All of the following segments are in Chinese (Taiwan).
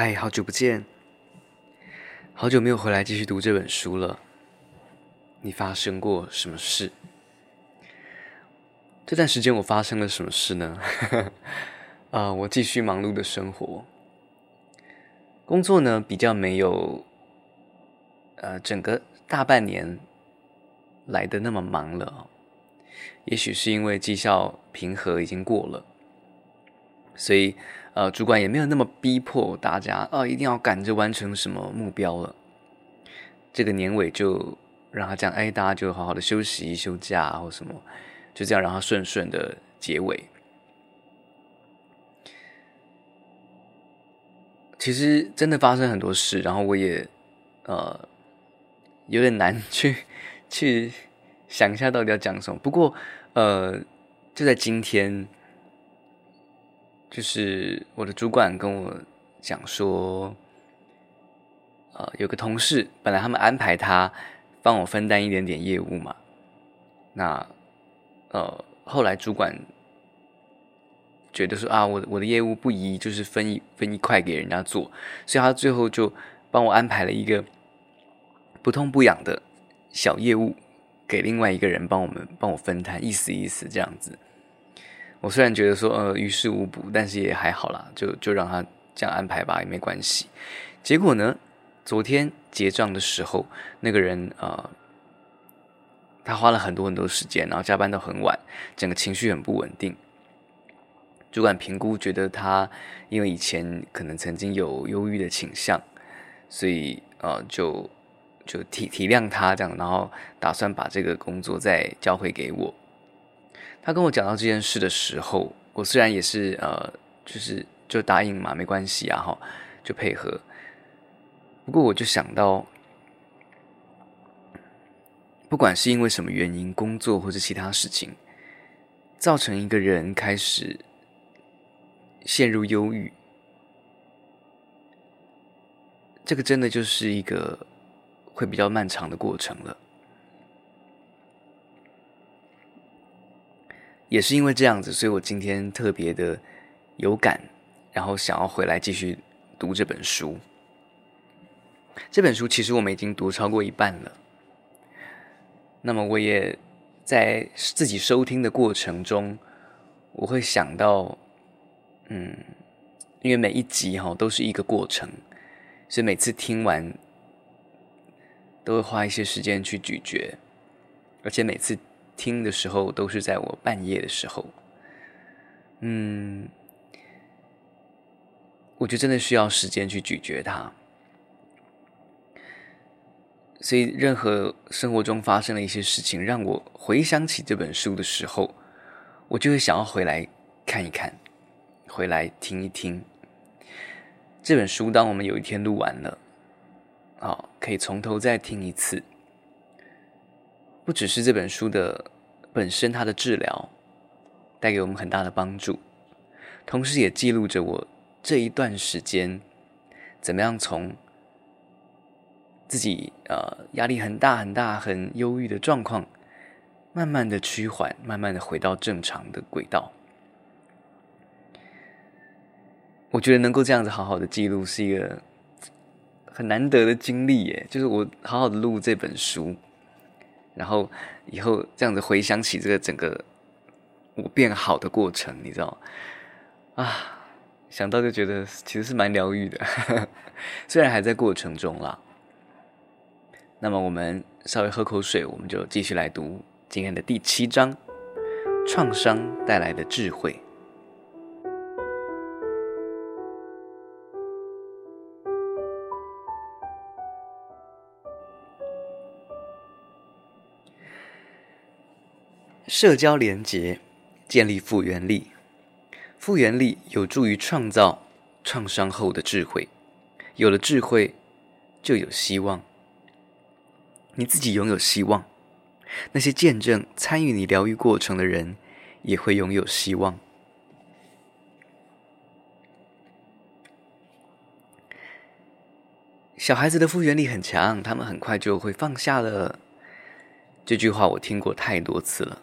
嗨，好久不見！好久沒有回來繼續讀這本書了，你發生過什麼事？這段時間我發生了什麼事呢？啊、 呃，我繼續忙碌的生活，工作呢比較沒有，呃，整個大半年來得那麼忙了。也許是因為績效評核已經過了，所以。呃，主管也沒有那麼逼迫大家啊、呃，一定要趕着完成什麼目標了。這個年尾就讓他這樣，哎，大家就好好的休息、休假或什麼，就這樣讓他順順的結尾。其實真的發生很多事，然後我也呃有點難去去想一下到底要講什麼。不過呃就在今天。就是我的主管跟我講說，呃，有個同事本來他們安排他幫我分擔一點點業務嘛，那呃，後來主管覺得說啊，我我的業務不宜就是分一分一塊給人家做，所以他最後就幫我安排了一個不痛不癢的小業務給另外一個人，幫我們幫我分攤，意思意思這樣子。我雖然覺得說，呃，於事無補，但是也還好啦，就就讓他這樣安排吧，也沒關係。結果呢，昨天結賬的時候，那個人，呃，他花了很多很多時間，然後加班到很晚，整個情緒很不穩定。主管評估覺得他因為以前可能曾經有憂鬱的傾向，所以，呃，就就體體諒他這樣，然後打算把這個工作再交回給我。他跟我講到這件事的時候，我雖然也是呃，就是就答應嘛，沒關係啊，哈，就配合。不過我就想到，不管是因為什麼原因，工作或者其他事情，造成一個人開始陷入憂鬱，這個真的就是一個會比較漫長的過程了。也是因為這樣子，所以我今天特別的有感，然後想要回來繼續讀這本書。這本書其實我們已經讀超過一半了。那麼我也在自己收聽的過程中，我會想到，嗯，因為每一集哈都是一個過程，所以每次聽完都會花一些時間去咀嚼，而且每次。聽的時候都是在我半夜的時候，嗯，我就真的需要時間去咀嚼它，所以任何生活中發生的一些事情讓我回想起這本書的時候，我就會想要回來看一看，回來聽一聽這本書。當我們有一天錄完了，好，可以從頭再聽一次。不只是這本書的本身，它的治療帶給我們很大的幫助，同時也記錄着我這一段時間怎麼樣從自己呃壓力很大很大很憂鬱的狀況，慢慢的趨緩，慢慢的回到正常的軌道。我覺得能夠這樣子好好的記錄是一個很難得的經歷，耶，就是我好好的錄這本書。然後以後這樣子回想起這個整個我變好的過程，你知道嗎？啊，想到就覺得其實是蠻療癒的，呵呵，雖然還在過程中啦。那麼我們稍微喝口水，我們就繼續來讀今天的第七章：創傷帶來的智慧。社交連結，建立復原力。復原力有助於創造創傷後的智慧。有了智慧，就有希望。你自己擁有希望，那些見證、參與你療癒過程的人也會擁有希望。小孩子的復原力很強，他們很快就會放下了。這句話我聽過太多次了。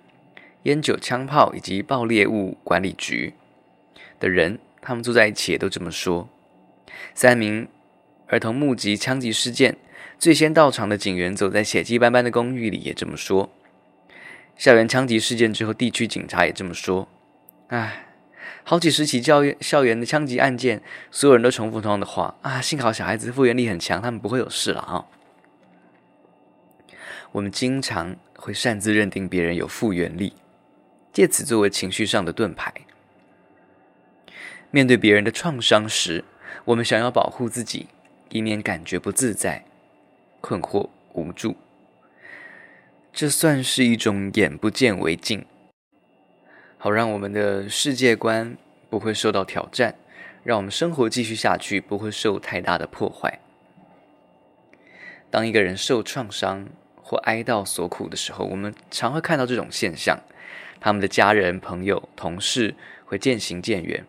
煙酒槍炮以及爆裂物管理局的人，他們住在一起，也都這麼說。三名兒童目擊槍擊事件，最先到場的警員走在血跡斑斑的公寓裡，也這麼說。校園槍擊事件之後，地區警察也這麼說。唉，好幾十起教育校園的槍擊案件，所有人都重複同樣的話啊！幸好小孩子復原力很強，他們不會有事了啊、哦。我們經常會擅自認定別人有復原力。借此作為情緒上的盾牌，面對別人的創傷時，我們想要保護自己，以免感覺不自在、困惑、無助。這算是一種“眼不見為淨”，好讓我們的世界觀不會受到挑戰，讓我們生活繼續下去，不會受太大的破壞。當一個人受創傷或哀悼所苦的時候，我們常會看到這種現象。他們的家人、朋友、同事會漸行漸遠，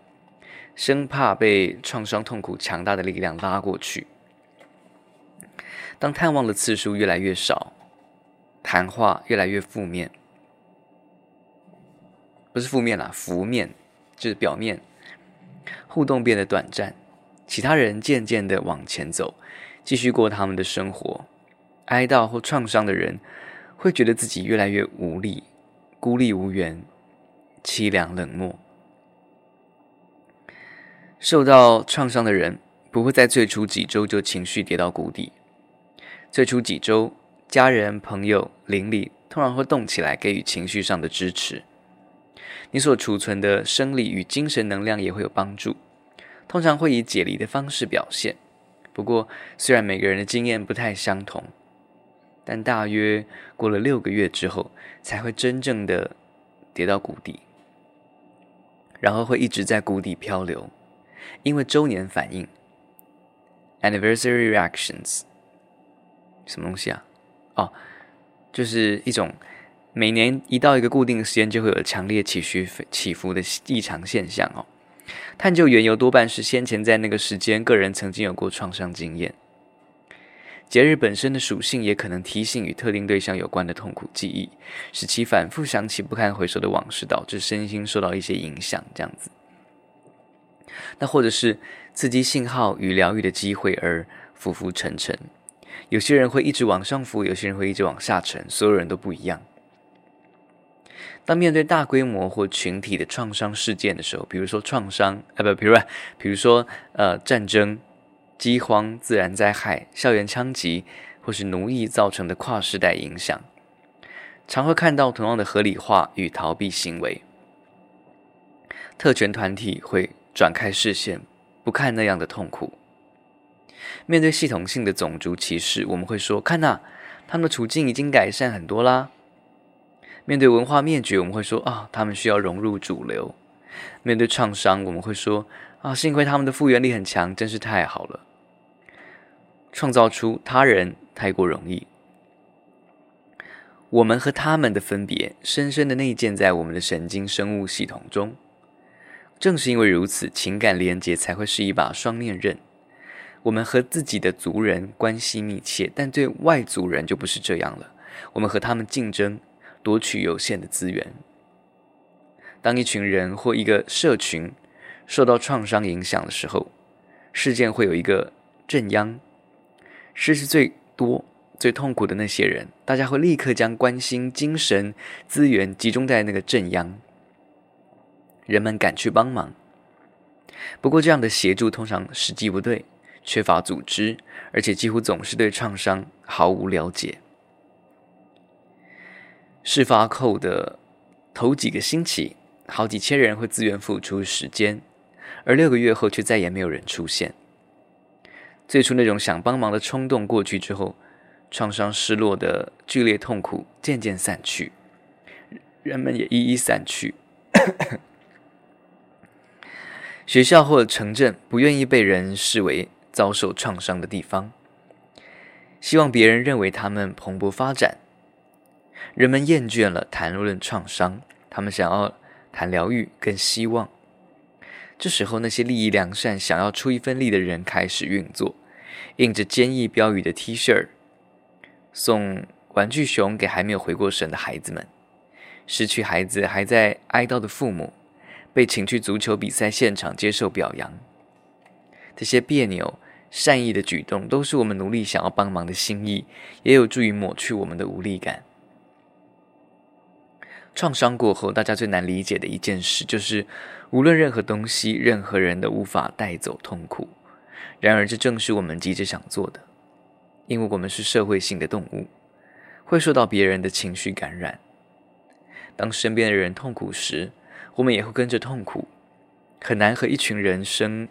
生怕被創傷、痛苦、強大的力量拉過去。當探望的次數越來越少，談話越來越負面，不是負面啦，浮面就是表面，互動變得短暫。其他人漸漸地往前走，繼續過他們的生活。哀悼或創傷的人會覺得自己越來越無力。孤立無援、淒涼冷漠，受到創傷的人不會在最初幾周就情緒跌到谷底。最初幾周，家人、朋友、鄰里通常會動起來給予情緒上的支持，你所儲存的生理與精神能量也會有幫助。通常會以解離的方式表現。不過，雖然每個人的經驗不太相同。但大約過了六個月之後，才會真正的跌到谷底，然後會一直在谷底漂流，因為周年反應 （anniversary reactions） 什麼東西啊？哦，就是一種每年一到一個固定時間，就會有強烈起虛起伏的異常現象哦。探究緣由，多半是先前在那個時間，個人曾經有過創傷經驗。節日本身的屬性也可能提醒與特定對象有關的痛苦記憶，使其反覆想起不堪回首的往事，導致身心受到一些影響。這樣子，那或者是刺激信號與療癒的機會而浮浮沉沉。有些人會一直往上浮，有些人會一直往下沉，所有人都不一樣。當面對大規模或群體的創傷事件的時候，比如說創傷，哎，不，比如，比如說，比如說，呃，戰爭。饑荒、自然災害、校園槍擊或是奴役造成的跨世代影響，常會看到同樣的合理化與逃避行為。特權團體會轉開視線，不看那樣的痛苦。面對系統性的種族歧視，我們會說：“看吶，他們的處境已經改善很多啦。”面對文化滅絕，我們會說：“啊，他們需要融入主流。”面對創傷，我們會說：“啊，幸虧他們的復原力很強，真是太好了。”創造出他人太過容易，我們和他們的分別深深的內建在我們的神經生物系統中。正是因為如此，情感連結才會是一把雙面刃。我們和自己的族人關係密切，但對外族人就不是這樣了。我們和他們競爭，奪取有限的資源。當一群人或一個社群受到創傷影響的時候，事件會有一個震央。失去最多、最痛苦的那些人，大家會立刻將關心、精神資源集中在那個震央。人們趕去幫忙，不過這樣的協助通常時機不對，缺乏組織，而且幾乎總是對創傷毫無了解。事發後的頭幾個星期，好幾千人會自願付出時間，而六個月後卻再也沒有人出現。最初那種想幫忙的衝動過去之後，創傷、失落的劇烈痛苦漸漸散去，人們也一一散去。 學校或城鎮不願意被人視為遭受創傷的地方，希望別人認為他們蓬勃發展。人們厭倦了談論創傷，他們想要談療癒跟希望。這時候，那些立意良善、想要出一份力的人開始運作，印着堅毅標語的 T 恤，送玩具熊給還沒有回過神的孩子們，失去孩子還在哀悼的父母，被請去足球比賽現場接受表揚。這些彆扭、善意的舉動，都是我們努力想要幫忙的心意，也有助於抹去我們的無力感。創傷過後，大家最難理解的一件事就是。無論任何東西、任何人都無法帶走痛苦，然而這正是我們急着想做的，因為我們是社會性的動物，會受到別人的情緒感染。當身邊的人痛苦時，我們也會跟着痛苦。很難和一群人生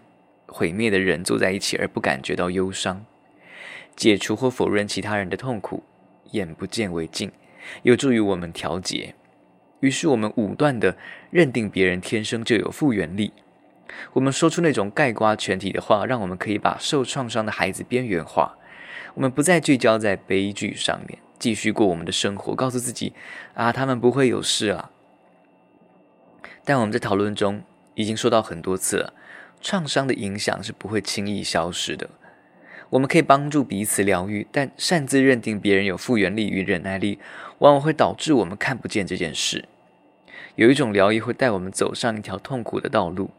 毀滅的人坐在一起而不感覺到憂傷。解除或否認其他人的痛苦，眼不見為淨，有助於我們調節。於是我們武斷的認定別人天生就有復原力，我們說出那種概括全體的話，讓我們可以把受創傷的孩子邊緣化。我們不再聚焦在悲劇上面，繼續過我們的生活，告訴自己啊，他們不會有事啊。但我們在討論中已經說到很多次了，創傷的影響是不會輕易消失的。我們可以幫助彼此療癒，但擅自認定別人有復原力與忍耐力，往往會導致我們看不見這件事。有一種療癒會帶我們走上一條痛苦的道路，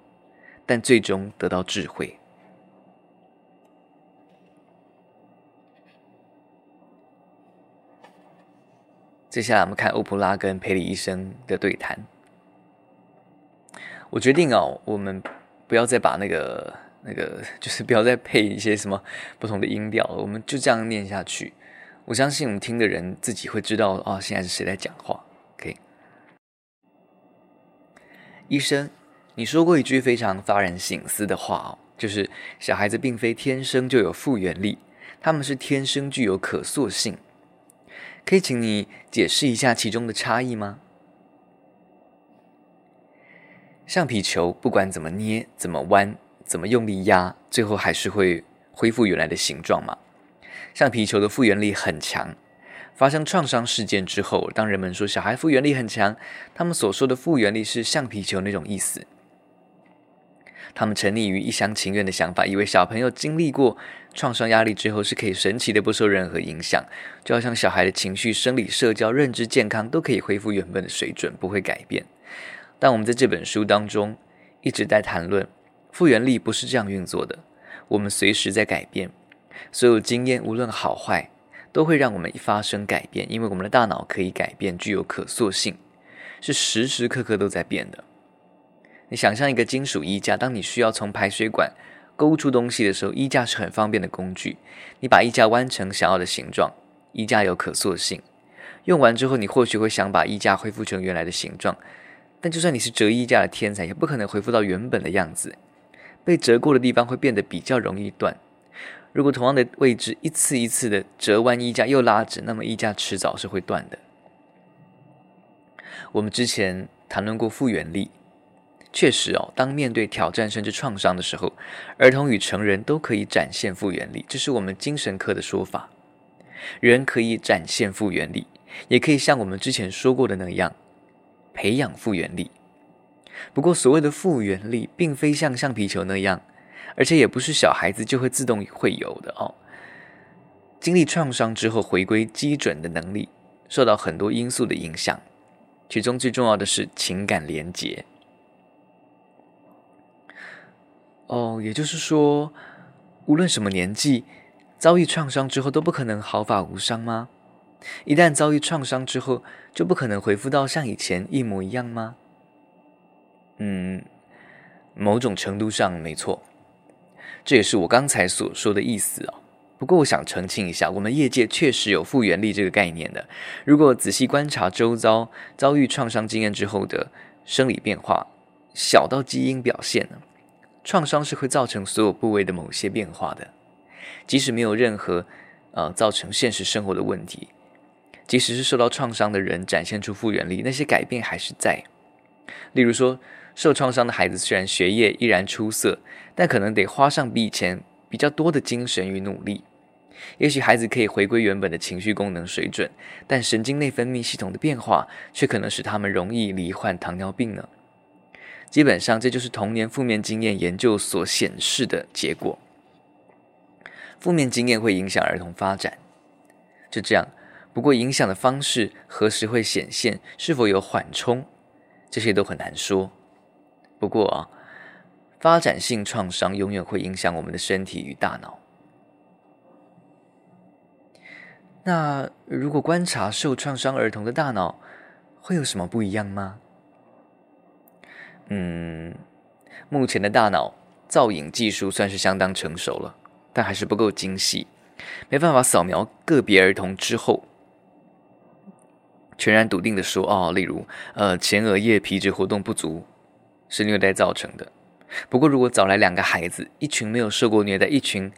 但最終得到智慧。接下來我們看歐普拉跟培里醫生的對談。我決定啊、哦，我們不要再把那個那個，就是不要再配一些什麼不同的音調，我們就這樣念下去。我相信我們聽的人自己會知道啊、哦，現在是誰在講話。醫生，你說過一句非常發人省思的話哦，就是小孩子並非天生就有復原力，他們是天生具有可塑性。可以請你解釋一下其中的差異嗎？橡皮球不管怎麼捏、怎麼彎、怎麼用力壓，最後還是會恢復原來的形狀嘛。橡皮球的復原力很強。發生創傷事件之後，當人們說小孩復原力很強，他們所說的復原力是橡皮球那種意思。他們沉溺於一廂情願的想法，以為小朋友經歷過創傷壓力之後是可以神奇地不受任何影響，就好像小孩的情緒、生理、社交、認知、健康都可以恢復原本的水準，不會改變。但我們在這本書當中一直在談論，復原力不是這樣運作的。我們隨時在改變，所有經驗無論好壞，都會讓我們發生改變，因為我們的大腦可以改變，具有可塑性，是時時刻刻都在變的。你想象一個金屬衣架，當你需要從排水管勾出東西的時候，衣架是很方便的工具。你把衣架彎成想要的形狀，衣架有可塑性。用完之後，你或許會想把衣架恢復成原來的形狀，但就算你是折衣架的天才，也不可能恢復到原本的樣子。被折過的地方會變得比較容易斷。如果同樣的位置一次一次的折彎衣架又拉直，那麼衣架遲早是會斷的。我們之前談論過復原力，確實哦，當面對挑戰甚至創傷的時候，兒童與成人都可以展現復原力，這是我們精神科的說法。人可以展現復原力，也可以像我們之前說過的那樣培養復原力。不過，所謂的復原力，並非像橡皮球那樣。而且也不是小孩子就會自動會有的哦。經歷創傷之後回歸基準的能力，受到很多因素的影響，其中最重要的是情感連結。哦，也就是說，無論什麼年紀，遭遇創傷之後都不可能毫髮無傷嗎？一旦遭遇創傷之後，就不可能恢復到像以前一模一樣嗎？嗯，某種程度上沒錯。這也是我剛才所說的意思啊、哦。不過我想澄清一下，我們業界確實有復原力這個概念的。如果仔細觀察周遭遭遇創傷經驗之後的生理變化，小到基因表現，呢？創傷是會造成所有部位的某些變化的。即使沒有任何，呃，造成現實生活的問題，即使是受到創傷的人展現出復原力，那些改變還是在。例如說。受創傷的孩子雖然學業依然出色，但可能得花上比以前比較多的精神與努力。也許孩子可以回歸原本的情緒功能水準，但神經內分泌系統的變化卻可能使他們容易罹患糖尿病呢？基本上，這就是童年負面經驗研究所顯示的結果。負面經驗會影響兒童發展，就這樣。不過，影響的方式何時會顯現，是否有緩衝，這些都很難說。不過啊，發展性創傷永遠會影響我們的身體與大腦。那如果觀察受創傷兒童的大腦，會有什麼不一樣嗎？嗯，目前的大腦造影技術算是相當成熟了，但還是不夠精細，沒辦法掃描個別兒童之後，全然篤定的說啊、哦，例如呃，前額葉皮質活動不足。是虐待造成的。不過，如果找來兩個孩子，一群沒有受過虐待，一群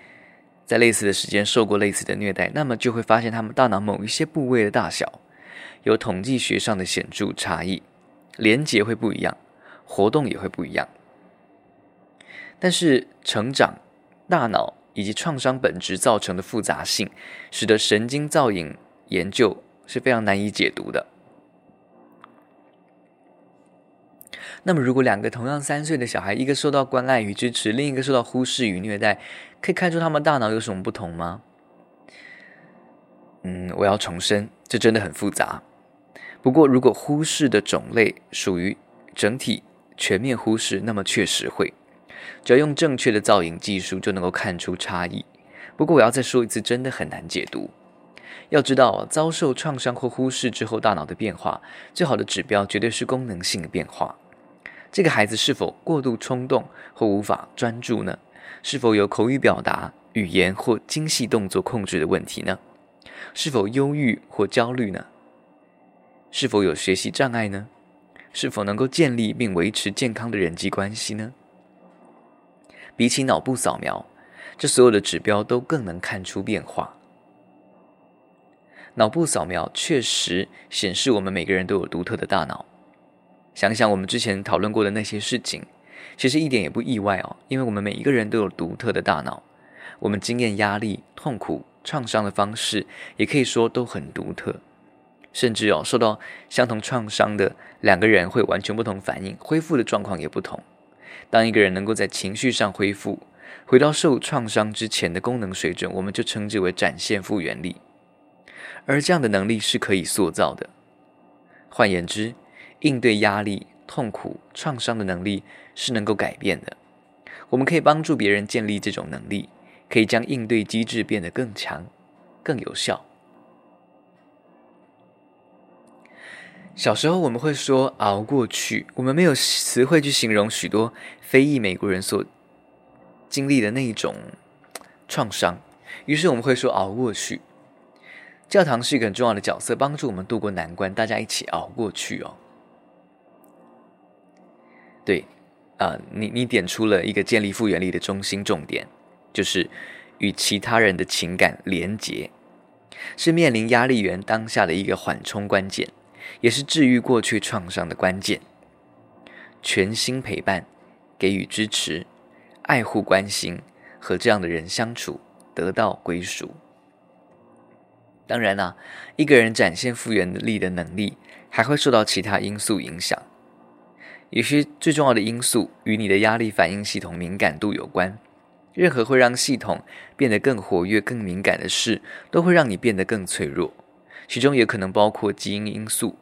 在類似的時間受過類似的虐待，那麼就會發現他們大腦某一些部位的大小有統計學上的顯著差異，連結會不一樣，活動也會不一樣。但是，成長、大腦以及創傷本質造成的複雜性，使得神經造影研究是非常難以解讀的。那麼，如果兩個同樣三歲的小孩，一個受到關愛與支持，另一個受到忽視與虐待，可以看出他們大腦有什麼不同嗎？嗯，我要重申，這真的很複雜。不過，如果忽視的種類屬於整體全面忽視，那麼確實會。只要用正確的造影技術，就能夠看出差異。不過，我要再說一次，真的很難解讀。要知道，遭受創傷或忽視之後，大腦的變化最好的指標絕對是功能性的變化。這個孩子是否過度衝動或無法專注呢？是否有口語表達、語言或精細動作控制的問題呢？是否憂鬱或焦慮呢？是否有學習障礙呢？是否能夠建立並維持健康的人際關係呢？比起腦部掃描，這所有的指標都更能看出變化。腦部掃描確實顯示我們每個人都有獨特的大腦。想想我們之前討論過的那些事情，其實一點也不意外哦，因為我們每一個人都有獨特的大腦，我們經驗壓力、痛苦、創傷的方式，也可以說都很獨特。甚至哦，受到相同創傷的兩個人會完全不同反應，恢復的狀況也不同。當一個人能夠在情緒上恢復，回到受創傷之前的功能水準，我們就稱之為展現復原力。而這樣的能力是可以塑造的。換言之，應對壓力、痛苦、創傷的能力是能夠改變的。我們可以幫助別人建立這種能力，可以將應對機制變得更強、更有效。小時候我們會說“熬過去”，我們沒有詞彙去形容許多非裔美國人所經歷的那一種創傷，於是我們會說“熬過去”。教堂是一個很重要的角色，幫助我們渡過難關，大家一起熬過去哦。對，啊、呃，你你點出了一個建立復原力的中心重點，就是與其他人的情感連結，是面臨壓力源當下的一個緩衝關鍵，也是治癒過去創傷的關鍵。全心陪伴，給予支持，愛護關心，和這樣的人相處，得到歸屬。當然啦、啊，一個人展現復原力的能力，還會受到其他因素影響。有些最重要的因素與你的壓力反應系統敏感度有關。任何會讓系統變得更活躍、更敏感的事，都會讓你變得更脆弱。其中也可能包括基因因素，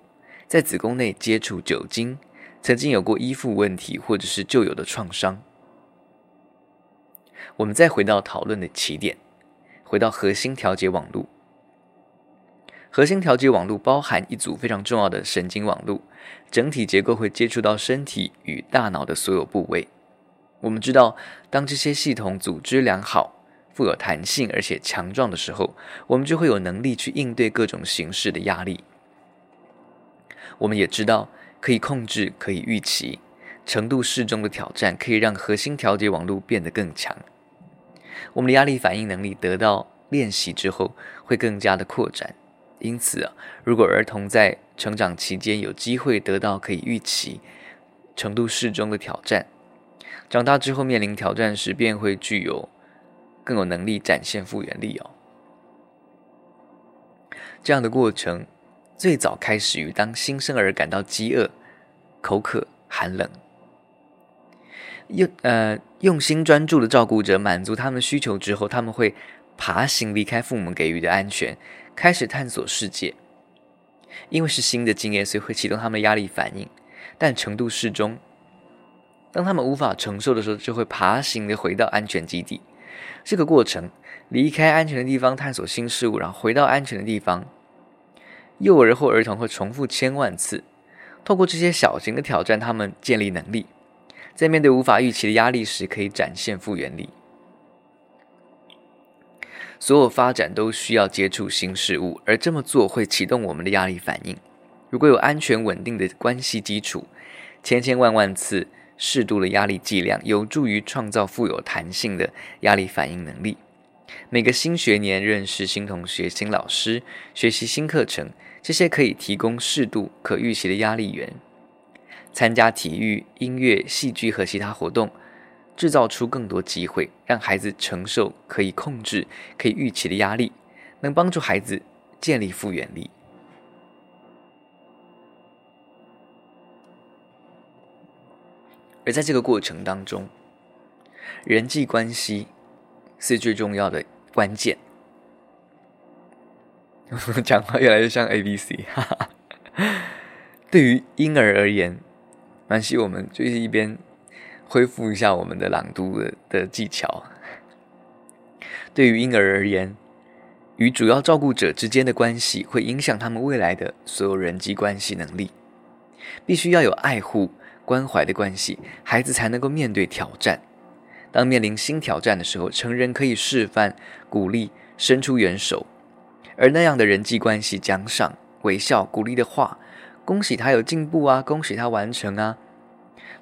在子宮內接觸酒精，曾經有過依附問題，或者是舊有的創傷。我們再回到討論的起點，回到核心調節網路。核心調節網絡包含一組非常重要的神經網絡，整體結構會接觸到身體與大腦的所有部位。我們知道，當這些系統組織良好、富有彈性而且強壯的時候，我們就會有能力去應對各種形式的壓力。我們也知道，可以控制、可以預期，程度適中的挑戰可以讓核心調節網絡變得更強。我們的壓力反應能力得到練習之後，會更加的擴展。因此，如果兒童在成長期間有機會得到可以預期、程度適中的挑戰，長大之後面臨挑戰時便會具有更有能力展現復原力哦。這樣的過程最早開始於當新生兒感到飢餓、口渴、寒冷，用呃用心專注的照顧者滿足他們的需求之後，他們會爬行離開父母給予的安全。開始探索世界，因為是新的經驗，所以會啟動他們壓力反應，但程度適中。當他們無法承受的時候，就會爬行的回到安全基地。這個過程，離開安全的地方探索新事物，然後回到安全的地方。幼兒或兒童會重複千萬次，透過這些小型的挑戰，他們建立能力，在面對無法預期的壓力時，可以展現復原力。所有發展都需要接觸新事物，而這麼做會啟動我們的壓力反應。如果有安全穩定的關係基礎，千千萬萬次適度的壓力劑量有助於創造富有彈性的壓力反應能力。每個新學年認識新同學、新老師，學習新課程，這些可以提供適度可預期的壓力源。參加體育、音樂、戲劇和其他活動。製造出更多機會，讓孩子承受可以控制、可以預期的壓力，能幫助孩子建立復原力。而在這個過程當中，人際關係是最重要的關鍵。 講話越來越像 ABC，哈哈。 對於嬰兒而言，蠻希望我們就是一邊。恢復一下我們的朗讀的技巧。對於嬰兒而言，與主要照顧者之間的關係會影響他們未來的所有人際關係能力。必須要有愛護、關懷的關係，孩子才能夠面對挑戰。當面臨新挑戰的時候，成人可以示範、鼓勵、伸出援手，而那樣的人際關係、獎賞、微笑、鼓勵的話，恭喜他有進步啊！恭喜他完成啊！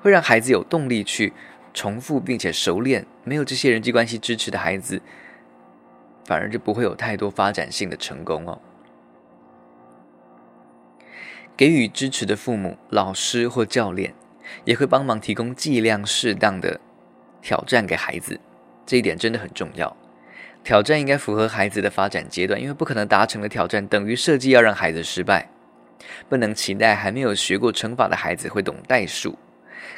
會讓孩子有動力去重複並且熟練。沒有這些人際關係支持的孩子，反而就不會有太多發展性的成功哦。給予支持的父母、老師或教練，也會幫忙提供劑量適當的挑戰給孩子。這一點真的很重要。挑戰應該符合孩子的發展階段，因為不可能達成的挑戰，等於設計要讓孩子失敗。不能期待還沒有學過乘法的孩子會懂代數。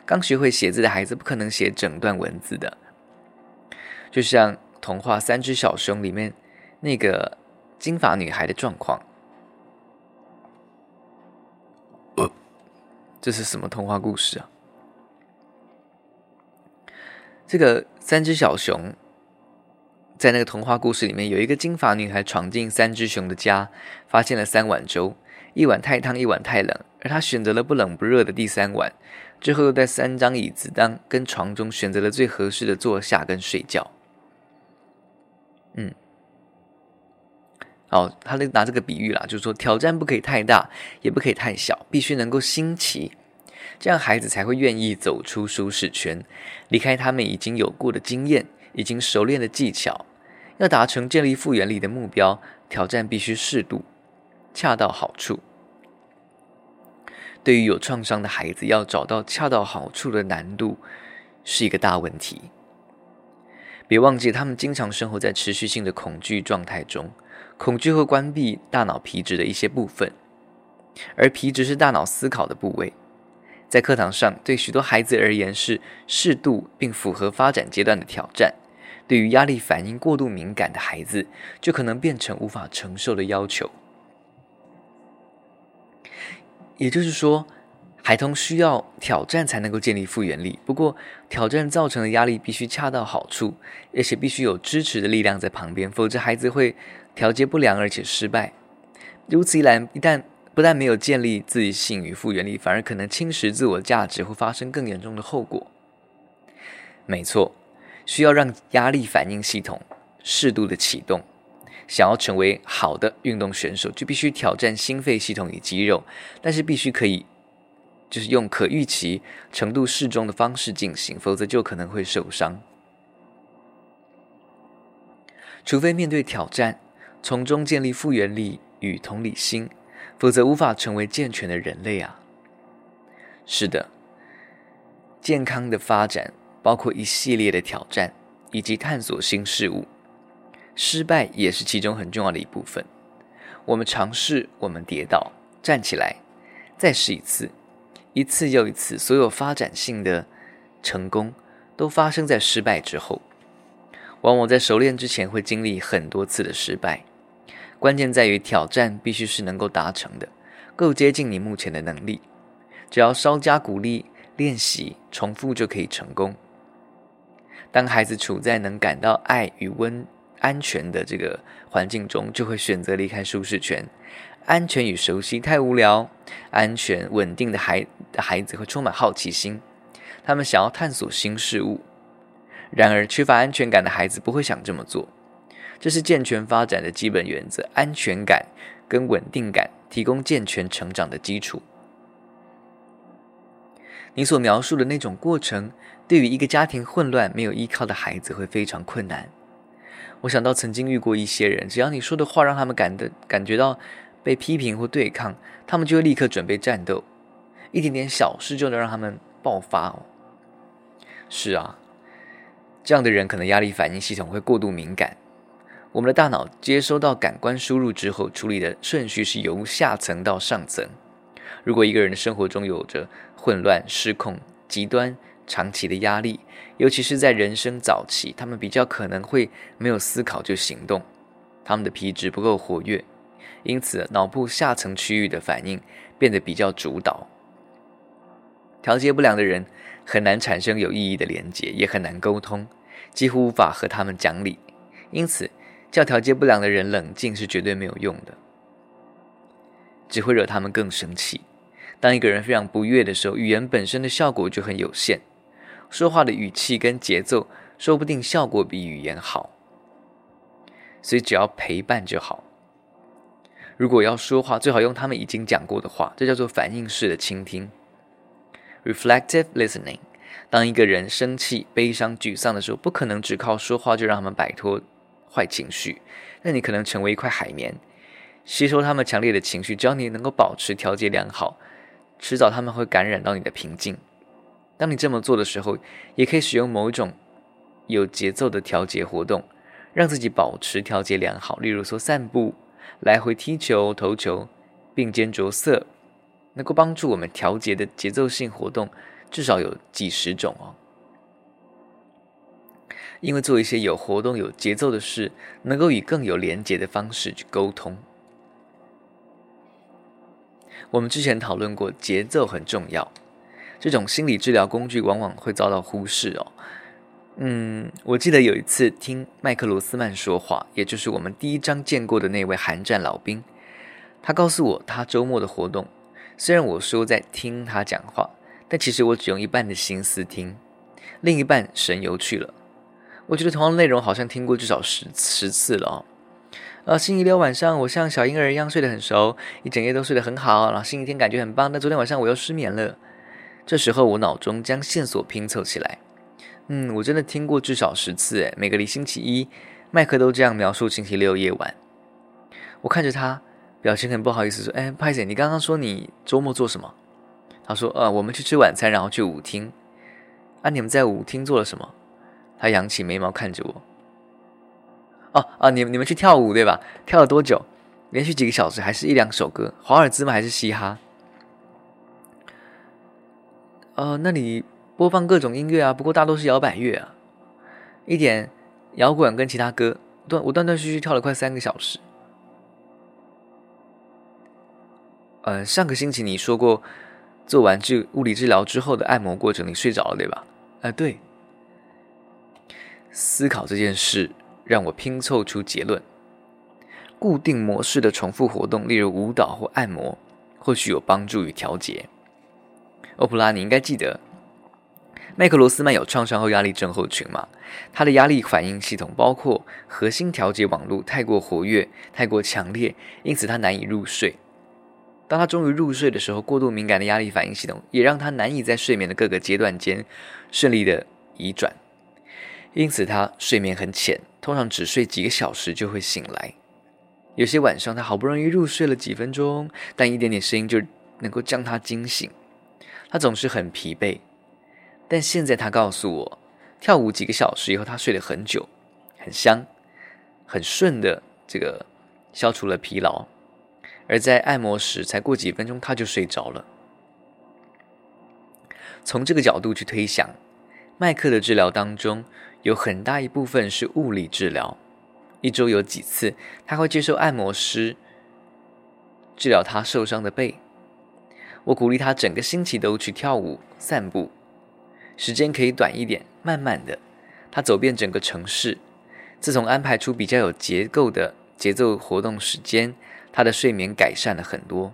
剛學會寫字的孩子不可能寫整段文字的，就像童話《三隻小熊》裡面那個金髮女孩的狀況。這是什麼童話故事啊？這個三隻小熊在那個童話故事裡面，有一個金髮女孩闖進三隻熊的家，發現了三碗粥，一碗太燙，一碗太冷，而她選擇了不冷不熱的第三碗。最後，又在三張椅子當跟床中選擇了最合適的坐下跟睡覺。嗯，好，他那拿這個比喻啦，就是說挑戰不可以太大，也不可以太小，必須能夠新奇，這樣孩子才會願意走出舒適圈，離開他們已經有過的經驗，已經熟練的技巧。要達成建立復原力的目標，挑戰必須適度，恰到好處。對於有創傷的孩子，要找到恰到好處的難度是一個大問題。別忘記，他們經常生活在持續性的恐懼狀態中，恐懼會關閉大腦皮質的一些部分，而皮質是大腦思考的部位。在課堂上，對許多孩子而言是適度並符合發展階段的挑戰，對於壓力反應過度敏感的孩子，就可能變成無法承受的要求。也就是說，孩童需要挑戰才能夠建立復原力。不過，挑戰造成的壓力必須恰到好處，而且必須有支持的力量在旁邊，否則孩子會調節不良，而且失敗。如此一來，一旦不但沒有建立自信與復原力，反而可能侵蝕自我價值，會發生更嚴重的後果。沒錯，需要讓壓力反應系統適度的啟動。想要成為好的運動選手，就必須挑戰心肺系統與肌肉，但是必須可以，就是用可預期程度適中的方式進行，否則就可能會受傷。除非面對挑戰，從中建立復原力與同理心，否則無法成為健全的人類啊。是的，健康的發展包括一系列的挑戰以及探索新事物。失敗也是其中很重要的一部分。我們嘗試，我們跌倒，站起來，再試一次，一次又一次。所有發展性的成功都發生在失敗之後。往往在熟練之前會經歷很多次的失敗。關鍵在於挑戰必須是能夠達成的，夠接近你目前的能力。只要稍加鼓勵、練習、重複，就可以成功。當孩子處在能感到愛與溫、安全的這個環境中，就會選擇離開舒適圈。安全與熟悉太無聊。安全穩定的孩孩子會充滿好奇心，他們想要探索新事物。然而，缺乏安全感的孩子不會想這麼做。這是健全發展的基本原則：安全感跟穩定感提供健全成長的基礎。你所描述的那種過程，對於一個家庭混亂、沒有依靠的孩子會非常困難。我想到曾經遇過一些人，只要你說的話讓他們感的感覺到被批評或對抗，他們就會立刻準備戰鬥。一點點小事就能讓他們爆發哦。是啊，這樣的人可能壓力反應系統會過度敏感。我們的大腦接收到感官輸入之後，處理的順序是由下層到上層。如果一個人的生活中有着混亂、失控、極端，長期的壓力，尤其是在人生早期，他們比較可能會沒有思考就行動。他們的皮質不夠活躍，因此腦部下層區域的反應變得比較主導。調節不良的人很難產生有意義的連接，也很難溝通，幾乎無法和他們講理。因此，叫調節不良的人冷靜是絕對沒有用的，只會惹他們更生氣。當一個人非常不悅的時候，語言本身的效果就很有限。說話的語氣跟節奏，說不定效果比語言好。所以只要陪伴就好。如果要說話，最好用他們已經講過的話，這叫做反應式的傾聽 （reflective listening）。當一個人生氣、悲傷、沮喪的時候，不可能只靠說話就讓他們擺脫壞情緒。那你可能成為一塊海綿，吸收他們強烈的情緒。只要你能夠保持調節良好，遲早他們會感染到你的平靜。當你這麼做的時候，也可以使用某一種有節奏的調節活動，讓自己保持調節良好。例如說散步、來回踢球、投球、並肩着色，能夠幫助我們調節的節奏性活動至少有幾十種哦。因為做一些有活動、有節奏的事，能夠以更有連結的方式去溝通。我們之前討論過，節奏很重要。這種心理治療工具往往會遭到忽視哦。嗯，我記得有一次聽麥克羅斯曼說話，也就是我們第一章見過的那位韓戰老兵，他告訴我他周末的活動。雖然我說在聽他講話，但其實我只用一半的心思聽，另一半神遊去了。我覺得同樣的內容好像聽過至少十十次了哦。呃、啊，星期六晚上我像小嬰兒一樣睡得很熟，一整夜都睡得很好。然後星期天感覺很棒，但昨天晚上我又失眠了。這時候我腦中將線索拼湊起來，嗯，我真的聽過至少十次。哎，每個星期一，麥克都這樣描述星期六夜晚。我看着他，表情很不好意思說：“哎，派姐，你剛剛說你周末做什麼？”他說：“呃，我們去吃晚餐，然後去舞廳。”啊，你們在舞廳做了什麼？他揚起眉毛看着我。哦，啊，你們你們去跳舞對吧？跳了多久？連續幾個小時，還是一兩首歌？華爾茲嗎？還是嘻哈？呃，那裡播放各種音樂啊，不過大多是搖擺樂啊，一點搖滾跟其他歌。斷，我斷斷續續跳了快三個小時。嗯、呃，上個星期你說過做完治物理治療之後的按摩過程，你睡着了對吧？啊、呃，對。思考這件事讓我拼湊出結論：固定模式的重複活動，例如舞蹈或按摩，或許有幫助與調節。歐普拉，你應該記得麥克羅斯曼有創傷後壓力症候群嗎？他的壓力反應系統包括核心調節網絡太過活躍、太過強烈，因此他難以入睡。當他終於入睡的時候，過度敏感的壓力反應系統也讓他難以在睡眠的各個階段間順利的移轉，因此他睡眠很淺，通常只睡幾個小時就會醒來。有些晚上他好不容易入睡了幾分鐘，但一點點聲音就能夠將他驚醒。他總是很疲憊，但現在他告訴我，跳舞幾個小時以後，他睡了很久，很香，很順的這個消除了疲勞。而在按摩時，才過幾分鐘他就睡着了。從這個角度去推想，麥克的治療當中有很大一部分是物理治療，一周有幾次他會接受按摩師治療他受傷的背。我鼓勵他整個星期都去跳舞、散步，時間可以短一點，慢慢的，他走遍整個城市。自從安排出比較有結構的節奏活動時間，他的睡眠改善了很多，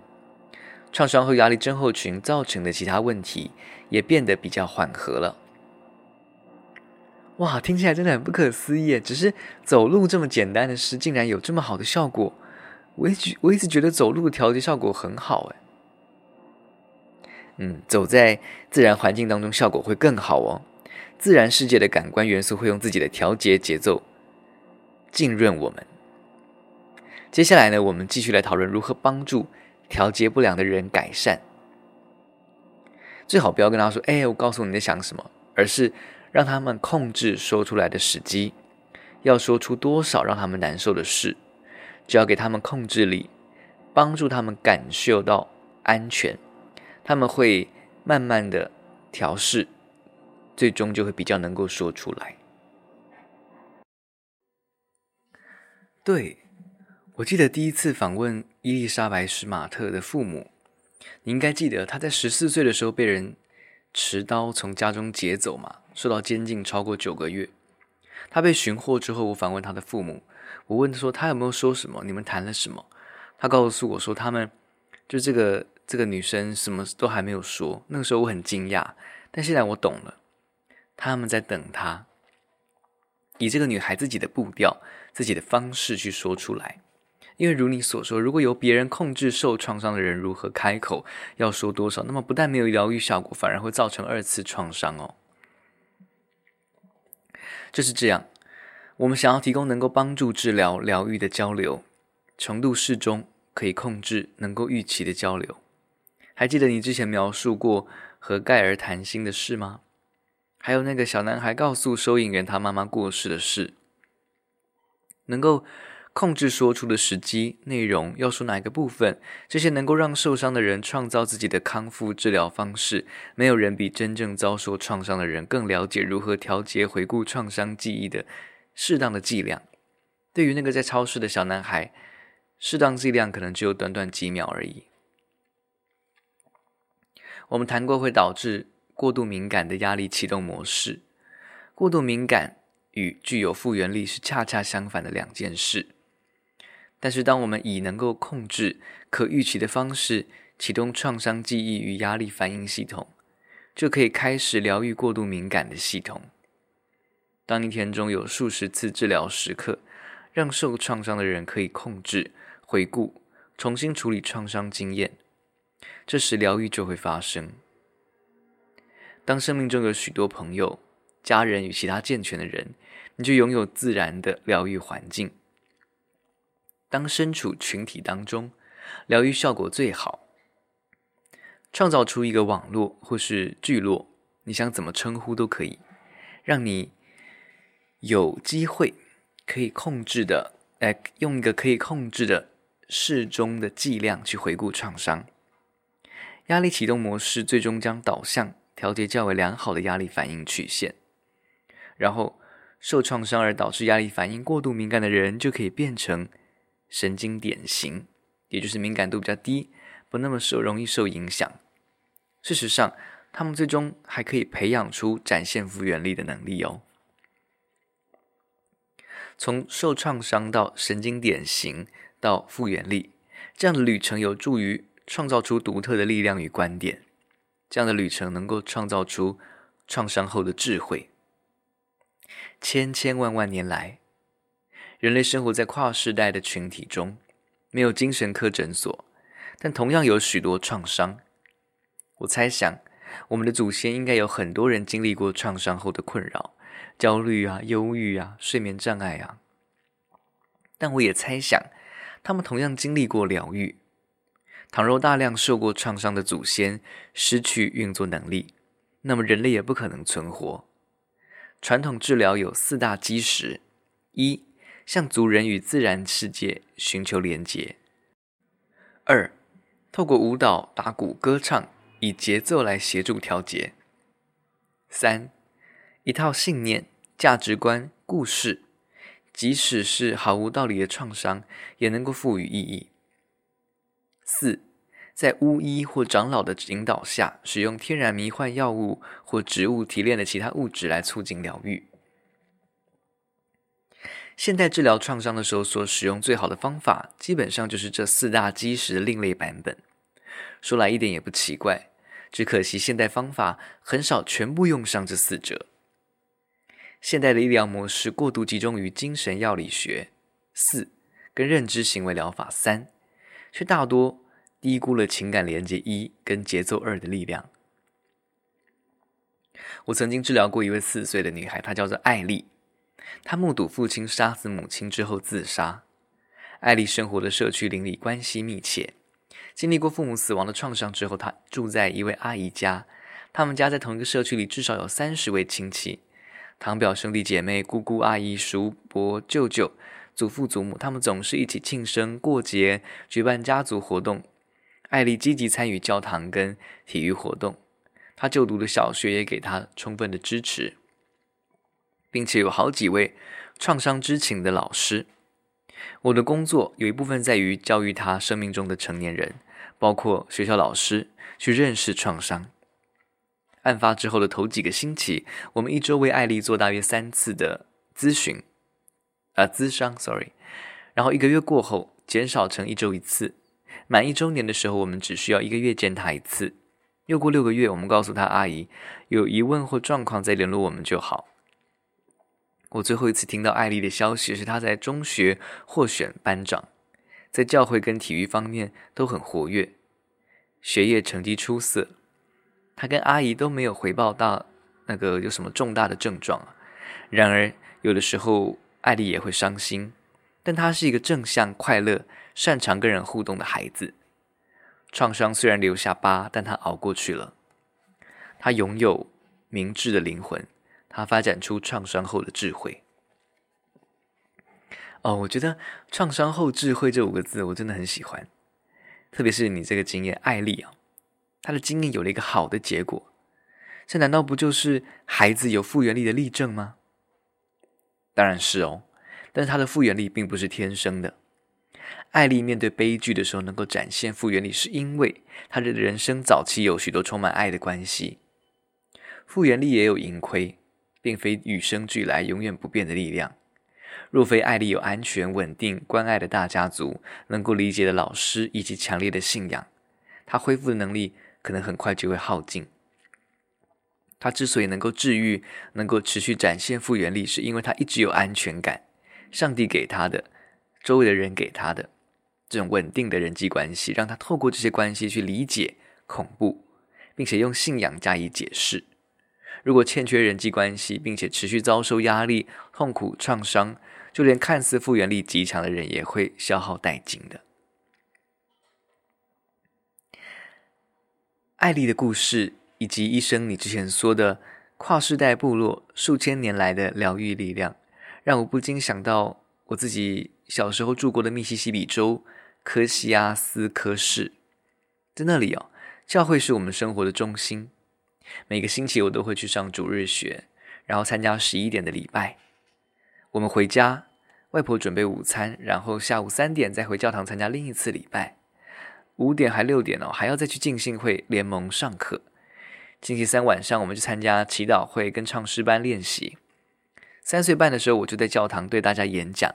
創傷後壓力症候群造成的其他問題也變得比較緩和了。哇，聽起來真的很不可思議！只是走路這麼簡單的事，竟然有這麼好的效果。我一直我一直覺得走路的調節效果很好，欸嗯，走在自然環境當中，效果會更好哦。自然世界的感官元素會用自己的調節節奏浸潤我們。接下來呢，我們繼續來討論如何幫助調節不良的人改善。最好不要跟他說：“哎，我告訴你在想什麼。”而是讓他們控制說出來的時機，要說出多少讓他們難受的事，只要給他們控制力，幫助他們感受到安全。他們會慢慢的調試，最終就會比較能夠說出來。對，我記得第一次訪問伊麗莎白·史馬特的父母，你應該記得他在十四歲的時候被人持刀從家中劫走嘛，受到監禁超過九個月。他被尋獲之後，我訪問他的父母，我問說他有沒有說什麼，你們談了什麼？他告訴我說他們就這個。這個女生什麼都還沒有說，那個時候我很驚訝，但現在我懂了，他們在等她，以這個女孩自己的步調、自己的方式去說出來，因為如你所說，如果由別人控制受創傷的人如何開口，要說多少，那麼不但沒有療癒效果，反而會造成二次創傷哦。就是這樣，我們想要提供能夠幫助治療、療癒的交流，程度適中，可以控制、能夠預期的交流。還記得你之前描述過和蓋爾談心的事嗎？還有那個小男孩告訴收銀員他媽媽過世的事。能夠控制說出的時機、內容，要說哪一個部分，這些能夠讓受傷的人創造自己的康復治療方式。沒有人比真正遭受創傷的人更了解如何調節、回顧創傷記憶的適當的劑量。對於那個在超市的小男孩，適當劑量可能只有短短幾秒而已。我們談過會導致過度敏感的壓力啟動模式。過度敏感與具有復原力是恰恰相反的兩件事。但是，當我們以能夠控制、可預期的方式啟動創傷記憶與壓力反應系統，就可以開始療癒過度敏感的系統。當一天中有數十次治療時刻，讓受創傷的人可以控制、回顧、重新處理創傷經驗。這時療癒就會發生。當生命中有許多朋友、家人與其他健全的人，你就擁有自然的療癒環境。當身處群體當中，療癒效果最好。創造出一個網絡或是聚落，你想怎麼稱呼都可以，讓你有機會可以控制的，呃，用一個可以控制的適中的劑量去回顧創傷。壓力啟動模式最終將導向調節較為良好的壓力反應曲線，然後受創傷而導致壓力反應過度敏感的人就可以變成神經典型，也就是敏感度比較低，不那麼受容易受影響。事實上，他們最終還可以培養出展現復原力的能力哦。從受創傷到神經典型到復原力，這樣的旅程有助於創造出獨特的力量與觀點，這樣的旅程能夠創造出創傷後的智慧。千千萬萬年來，人類生活在跨世代的群體中，沒有精神科診所，但同樣有許多創傷。我猜想，我們的祖先應該有很多人經歷過創傷後的困擾、焦慮啊、憂鬱啊、睡眠障礙啊。但我也猜想，他們同樣經歷過療癒。倘若大量受過創傷的祖先失去運作能力，那麼人類也不可能存活。傳統治療有四大基石：一、向族人與自然世界尋求連結；二、透過舞蹈、打鼓、歌唱，以節奏來協助調節；三、一套信念、價值觀、故事，即使是毫無道理的創傷，也能夠賦予意義。四、在巫醫或長老的引導下，使用天然迷幻藥物或植物提煉的其他物質來促進療癒。現代治療創傷的時候所使用最好的方法，基本上就是這四大基石的另類版本。說來一點也不奇怪，只可惜現代方法很少全部用上這四者。現代的醫療模式過度集中於精神藥理學四，跟認知行為療法三。卻大多低估了情感連接一跟節奏二的力量。我曾經治療過一位四歲的女孩，她叫做艾麗。她目睹父親殺死母親之後自殺。艾麗生活的社區鄰里關係密切，經歷過父母死亡的創傷之後，她住在一位阿姨家。她們家在同一個社區裡，至少有三十位親戚，堂表兄弟姐妹、姑姑阿姨、叔伯舅舅。祖父祖母，他們總是一起慶生、過節、舉辦家族活動。艾麗積極參與教堂跟體育活動，她就讀的小學也給她充分的支持，並且有好幾位創傷知情的老師。我的工作有一部分在於教育她生命中的成年人，包括學校老師，去認識創傷。案發之後的頭幾個星期，我們一週為艾麗做大約三次的諮詢。啊，諮商，sorry。然後一個月過後，減少成一周一次。滿一周年的時候，我們只需要一個月見他一次。又過六個月，我們告訴他，阿姨有疑問或狀況再聯絡我們就好。我最後一次聽到艾麗的消息是她在中學獲選班長，在教會跟體育方面都很活躍，學業成績出色。她跟阿姨都沒有回報到那個有什麼重大的症狀。然而，有的時候。艾麗也會傷心，但她是一個正向、快樂、擅長跟人互動的孩子。創傷雖然留下疤，但她熬過去了。她擁有明智的靈魂，她發展出創傷後的智慧。哦，我覺得“創傷後智慧”這五個字，我真的很喜歡。特別是你這個經驗，艾麗啊，她的經歷有了一個好的結果。這難道不就是孩子有復原力的例證嗎？當然是哦，但是他的復原力並不是天生的。艾莉面對悲劇的時候能夠展現復原力，是因為他的人生早期有許多充滿愛的關係。復原力也有盈虧，並非與生俱來、永遠不變的力量。若非艾莉有安全、穩定、關愛的大家族，能夠理解的老師，以及強烈的信仰，她恢復的能力可能很快就會耗盡。他之所以能夠治癒、能夠持續展現復原力，是因為他一直有安全感，上帝給他的、周圍的人給他的這種穩定的人際關係，讓他透過這些關係去理解恐怖，並且用信仰加以解釋。如果欠缺人際關係，並且持續遭受壓力、痛苦、創傷，就連看似復原力極強的人，也會消耗殆盡的。艾麗的故事。以及醫生，你之前說的跨世代部落數千年來的療癒力量，讓我不禁想到我自己小時候住過的密西西比州科西阿斯科市。在那裡哦，教會是我們生活的中心。每個星期我都會去上主日學，然後參加十一點的禮拜。我們回家，外婆準備午餐，然後下午三點再回教堂，參加另一次禮拜。五點還六點哦，還要再去浸信會聯盟上課。星期三晚上，我們去參加祈禱會跟唱詩班練習。三歲半的時候，我就在教堂對大家演講。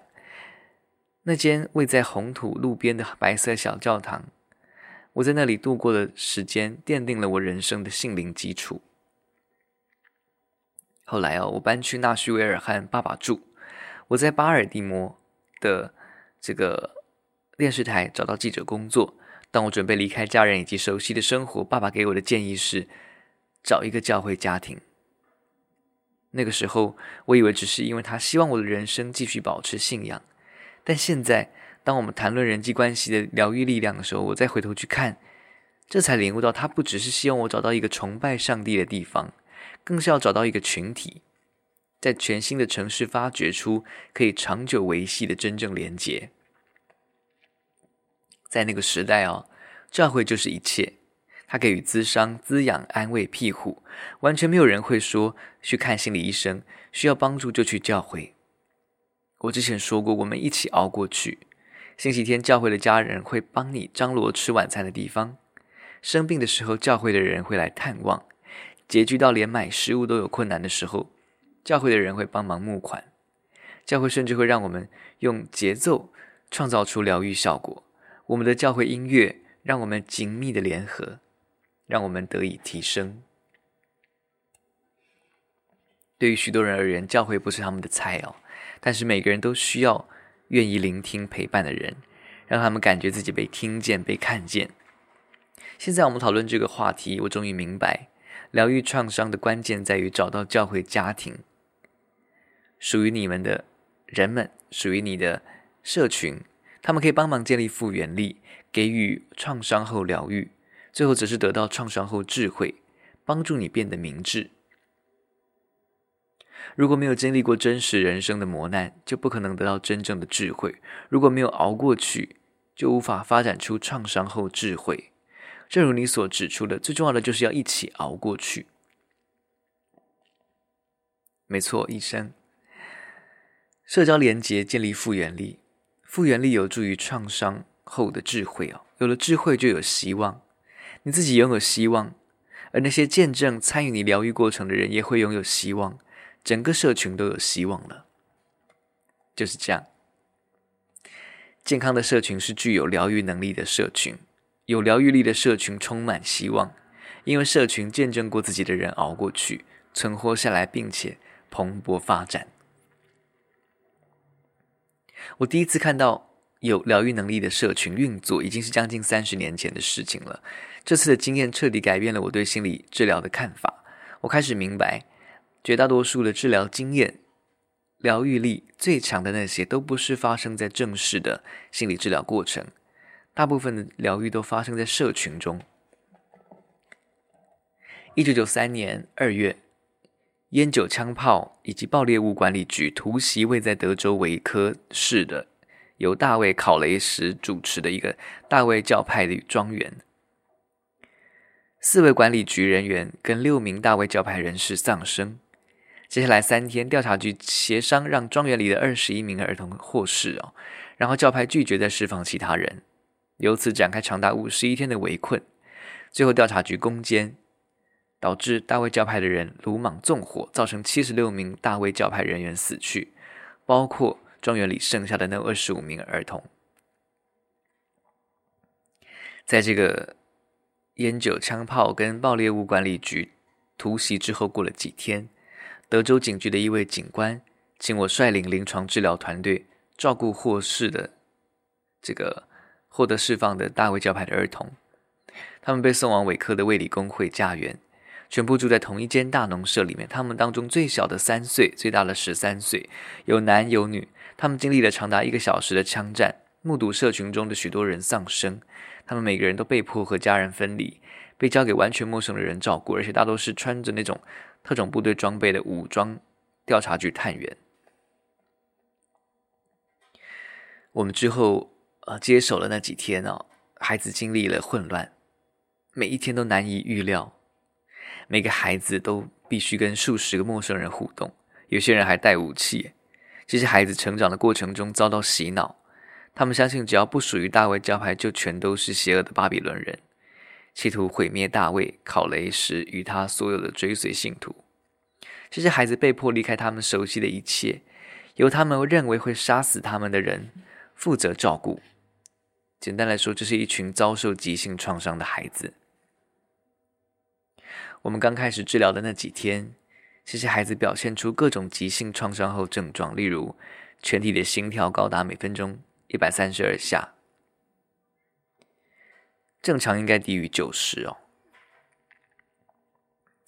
那間位在紅土路邊的白色小教堂，我在那裡度過的時間，奠定了我人生的性靈基礎。後來哦，我搬去納許維爾和，爸爸住。我在巴爾的摩的這個電視台找到記者工作。當我準備離開家人以及熟悉的生活，爸爸給我的建議是。找一個教會家庭。那個時候，我以為只是因為他希望我的人生繼續保持信仰，但現在，當我們談論人際關係的療癒力量的時候，我再回頭去看，這才領悟到，他不只是希望我找到一個崇拜上帝的地方，更是要找到一個群體，在全新的城市發掘出可以長久維繫的真正連結。在那個時代哦，教會就是一切。他給予諮商、滋養、安慰、庇護，完全沒有人會說去看心理醫生。需要幫助就去教會。我之前說過，我們一起熬過去。星期天教會的家人會幫你張羅吃晚餐的地方。生病的時候，教會的人會來探望。拮据到連買食物都有困難的時候，教會的人會幫忙募款。教會甚至會讓我們用節奏創造出療癒效果。我們的教會音樂讓我們緊密的聯合。讓我們得以提升。對於許多人而言，教會不是他們的菜哦。但是每個人都需要願意聆聽、陪伴的人，讓他們感覺自己被聽見、被看見。現在我們討論這個話題，我終於明白，療癒創傷的關鍵在於找到教會家庭，屬於你們的人們，屬於你的社群，他們可以幫忙建立復原力，給予創傷後療癒。最後則是得到創傷後智慧，幫助你變得明智。如果沒有經歷過真實人生的磨難，就不可能得到真正的智慧。如果沒有熬過去，就無法發展出創傷後智慧。正如你所指出的，最重要的就是要一起熬過去。沒錯，一生。社交聯結建立復原力，復原力有助於創傷後的智慧哦。有了智慧，就有希望。你自己擁有希望，而那些見證參與你療癒過程的人也會擁有希望，整個社群，都有希望了。就是這樣，健康的社群是具有療癒能力的社群，有療癒力的社群充滿希望，因為社群見證過自己的人熬過去，存活下來，並且蓬勃發展。我第一次看到有療癒能力的社群運作，已經是將近三十年前的事情了。這次的經驗徹底改變了我對心理治療的看法。我開始明白，絕大多數的治療經驗、療癒力最強的那些，都不是發生在正式的心理治療過程，大部分的療癒都發生在社群中。一九九三年二月，煙酒槍炮以及爆裂物管理局突襲位在德州維科市的由大衛·考雷什主持的一個大衛教派的莊園。四位管理局人員跟六名大衛教派人士喪生。接下來三天，調查局協商讓莊園裡的二十一名兒童獲釋哦，然後教派拒絕再釋放其他人，由此展開長達五十一天的圍困。最後，調查局攻堅，導致大衛教派的人魯莽縱火，造成七十六名大衛教派人員死去，包括莊園裡剩下的那二十五名兒童。在這個。煙酒槍炮跟爆裂物管理局突襲之後，過了幾天，德州警局的一位警官請我率領臨床治療團隊照顧獲釋的這個獲得釋放的大衛教派的兒童。他們被送往韋科的衛理公會家園，全部住在同一間大農舍裡面。他們當中最小的三歲，最大的十三歲，有男有女。他們經歷了長達一個小時的槍戰，目睹社群中的許多人喪生。他們每個人都被迫和家人分離，被交給完全陌生的人照顧，而且大多是穿着那種特種部隊裝備的武裝調查局探員。我們之後呃接手的那幾天哦，孩子經歷了混亂，每一天都難以預料，每個孩子都必須跟數十個陌生人互動，有些人還帶武器，這些孩子成長的過程中遭到洗腦。他們相信，只要不屬於大衛教派，就全都是邪惡的巴比倫人，企圖毀滅大衛、考雷什與他所有的追隨信徒。這些孩子被迫離開他們熟悉的一切，由他們認為會殺死他們的人負責照顧。簡單來說，這是一群遭受急性創傷的孩子。我們剛開始治療的那幾天，這些孩子表現出各種急性創傷後症狀，例如全體的心跳高達每分鐘，一百三十二下，正常應該低於九十哦。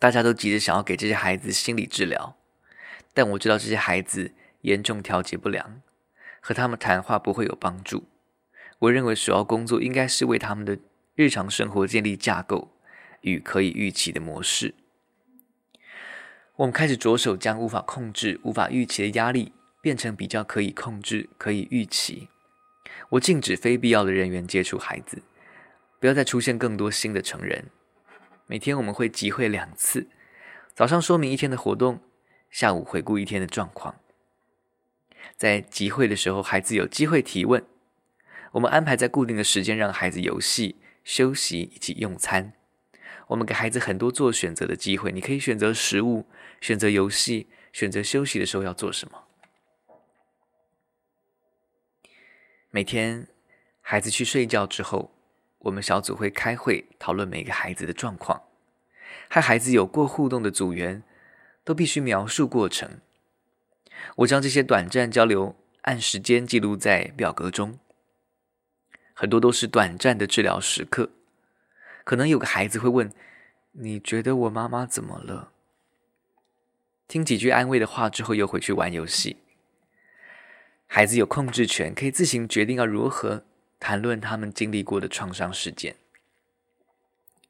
大家都急着想要給這些孩子心理治療，但我知道這些孩子嚴重調節不良，和他們談話不會有幫助。我認為首要工作應該是為他們的日常生活建立架構與可以預期的模式。我們開始着手將無法控制、無法預期的壓力變成比較可以控制、可以預期。我禁止非必要的人員接觸孩子，不要再出現更多新的成人。每天我們會集會兩次，早上說明一天的活動，下午回顧一天的狀況。在集會的時候，孩子有機會提問。我們安排在固定的時間讓孩子遊戲、休息以及用餐。我們給孩子很多做選擇的機會，你可以選擇食物、選擇遊戲、選擇休息的時候要做什麼。每天，孩子去睡覺之後，我們小組會開會討論每個孩子的狀況。和孩子有過互動的組員都必須描述過程。我將這些短暫交流按時間記錄在表格中。很多都是短暫的治療時刻。可能有個孩子會問：“你覺得我媽媽怎麼了？”聽幾句安慰的話之後，又回去玩遊戲。孩子有控制權，可以自行決定要如何談論他們經歷過的創傷事件。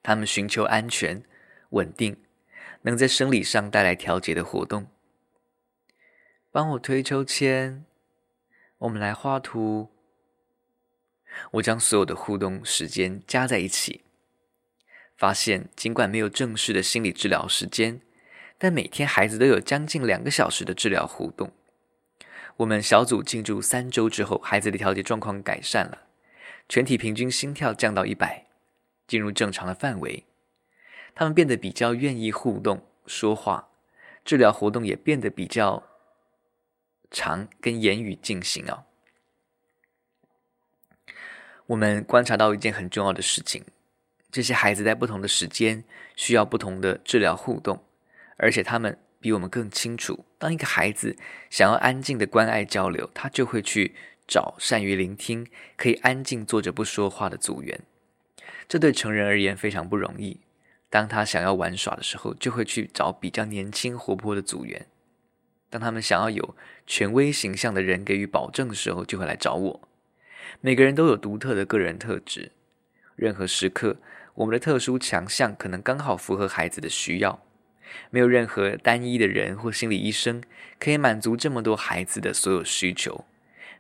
他們尋求安全、穩定，能在生理上帶來調節的活動。幫我推鞦韆，我們來畫圖。我將所有的互動時間加在一起，發現儘管沒有正式的心理治療時間，但每天孩子都有將近兩個小時的治療互動。我們小組進駐三周之後，孩子的調節狀況改善了，全體平均心跳降到一百，進入正常的範圍。他們變得比較願意互動、說話，治療活動也變得比較常跟言語進行哦。我們觀察到一件很重要的事情：這些孩子在不同的時間需要不同的治療互動，而且他們，比我們更清楚，當一個孩子想要安靜的關愛交流，他就會去找善於聆聽、可以安靜坐着不說話的組員。這對成人而言非常不容易。當他想要玩耍的時候，就會去找比較年輕活潑的組員。當他們想要有權威形象的人給予保證的時候，就會來找我。每個人都有獨特的個人特質，任何時刻，我們的特殊強項可能剛好符合孩子的需要。沒有任何單一的人或心理醫生可以滿足這麼多孩子的所有需求。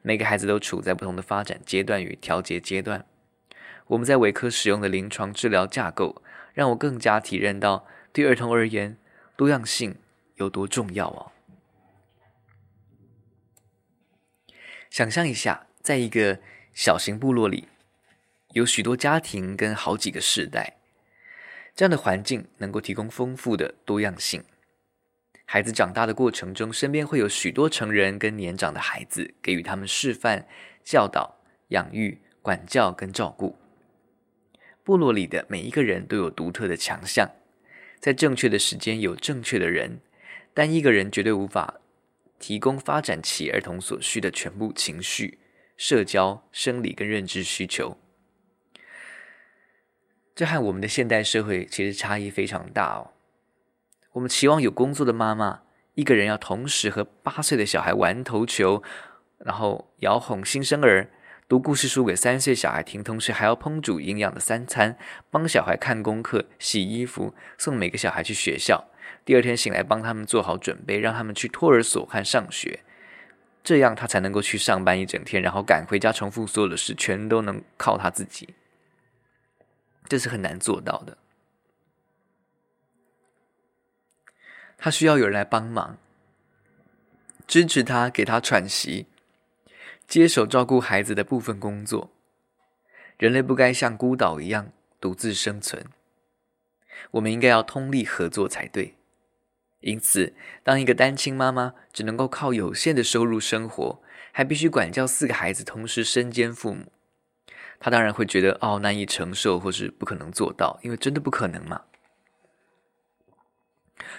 每個孩子都處在不同的發展階段與調節階段。我們在韋科使用的臨床治療架構，讓我更加體認到對兒童而言，多樣性有多重要哦。想象一下，在一個小型部落裡，有許多家庭跟好幾個世代。這樣的環境能夠提供豐富的多樣性。孩子長大的過程中，身邊會有許多成人跟年長的孩子給予他們示範、教導、養育、管教跟照顧。部落裡的每一個人都有獨特的強項，在正確的時間有正確的人，但一個人絕對無法提供發展其兒童所需的全部情緒、社交、生理跟認知需求。這和我們的現代社會其實差異非常大哦。我們期望有工作的媽媽，一個人要同時和八歲的小孩玩投球，然後搖哄新生兒，讀故事書給三歲小孩聽，同時還要烹煮營養的三餐，幫小孩看功課、洗衣服，送每個小孩去學校，第二天醒來幫他們做好準備，讓他們去托兒所和上學，這樣他才能夠去上班一整天，然後趕回家重複所有的事，全都能靠他自己。這是很難做到的。他需要有人來幫忙，支持他，給他喘息，接手照顧孩子的部分工作。人類不該像孤島一樣獨自生存，我們應該要通力合作才對。因此，當一個單親媽媽只能夠靠有限的收入生活，還必須管教四個孩子，同時身兼父母。他當然會覺得哦，難以承受，或是不可能做到，因為真的不可能嘛。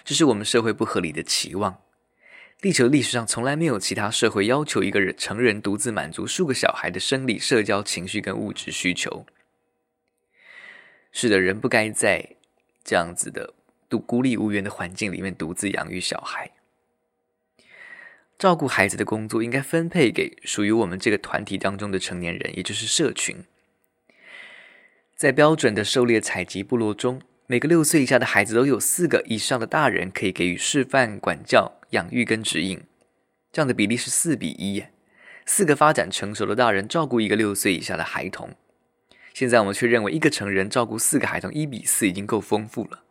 這是我們社會不合理的期望。地球歷史上從來沒有其他社會要求一個人成人獨自滿足數個小孩的生理、社交、情緒跟物質需求。是的，人不該在這樣子的獨孤立無援的環境裡面獨自養育小孩。照顧孩子的工作應該分配給屬於我們這個團體當中的成年人，也就是社群。在標準的狩獵採集部落中，每個六歲以下的孩子都有四個以上的大人可以給予示範、管教、養育跟指引，這樣的比例是四比一，四個發展成熟的大人照顧一個六歲以下的孩童。現在我們卻認為一個成人照顧四個孩童，一比四已經夠豐富了。